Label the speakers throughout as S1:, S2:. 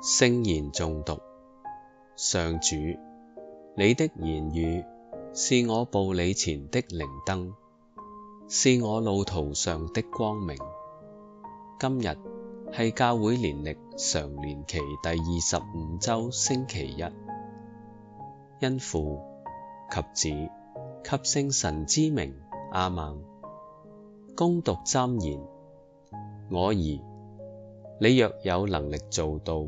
S1: 聖言誦讀。上主，你的言語是我步履前的靈燈，是我路途上的光明。今日係教會年曆常年期第二十五周星期一，因父及子及聖神之名，阿們。恭讀箴言，我兒，你若有能力做到。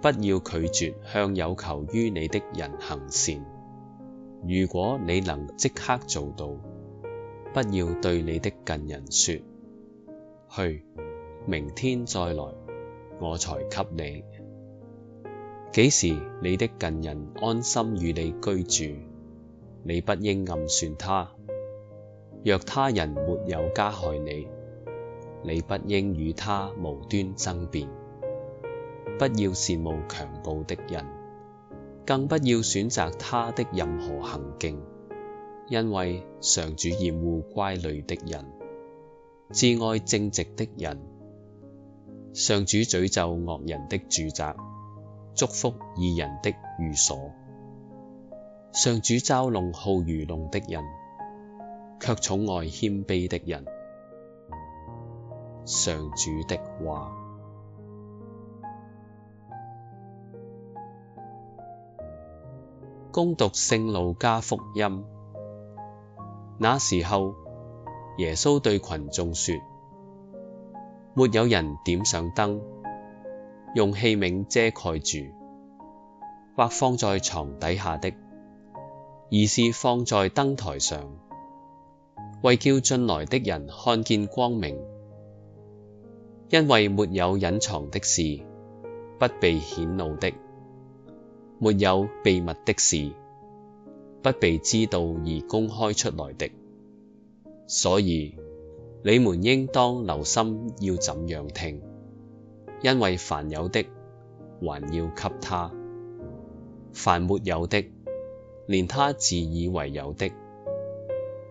S1: 不要拒絕向有求於你的人行善。如果你能即刻做到，不要對你的近人說：「去，明天再來，我才給你。」幾時你的近人安心與你居住，你不應暗算他。若他人沒有加害你，你不應與他無端爭辯。不要羨慕強暴的人，更不要選擇他的任何行徑，因為上主厭惡乖戾的人，摯愛正直的人。上主詛咒惡人的住宅，祝福義人的寓所。上主嘲弄好愚弄的人，卻寵愛謙卑的人。上主的話。恭讀《聖路加福音》，那時候耶穌對群眾說：沒有人點上燈，用器皿遮蓋住，或放在床底下的，而是放在燈台上，為叫進來的人看見光明。因為沒有隱藏的事，不被顯露的。沒有秘密的事，不被知道而公開出來的，所以你們應當留心要怎樣聽，因為凡有的還要給他，凡沒有的，連他自以為有的，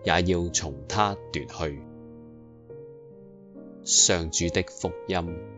S1: 也要從他奪去。上主的福音。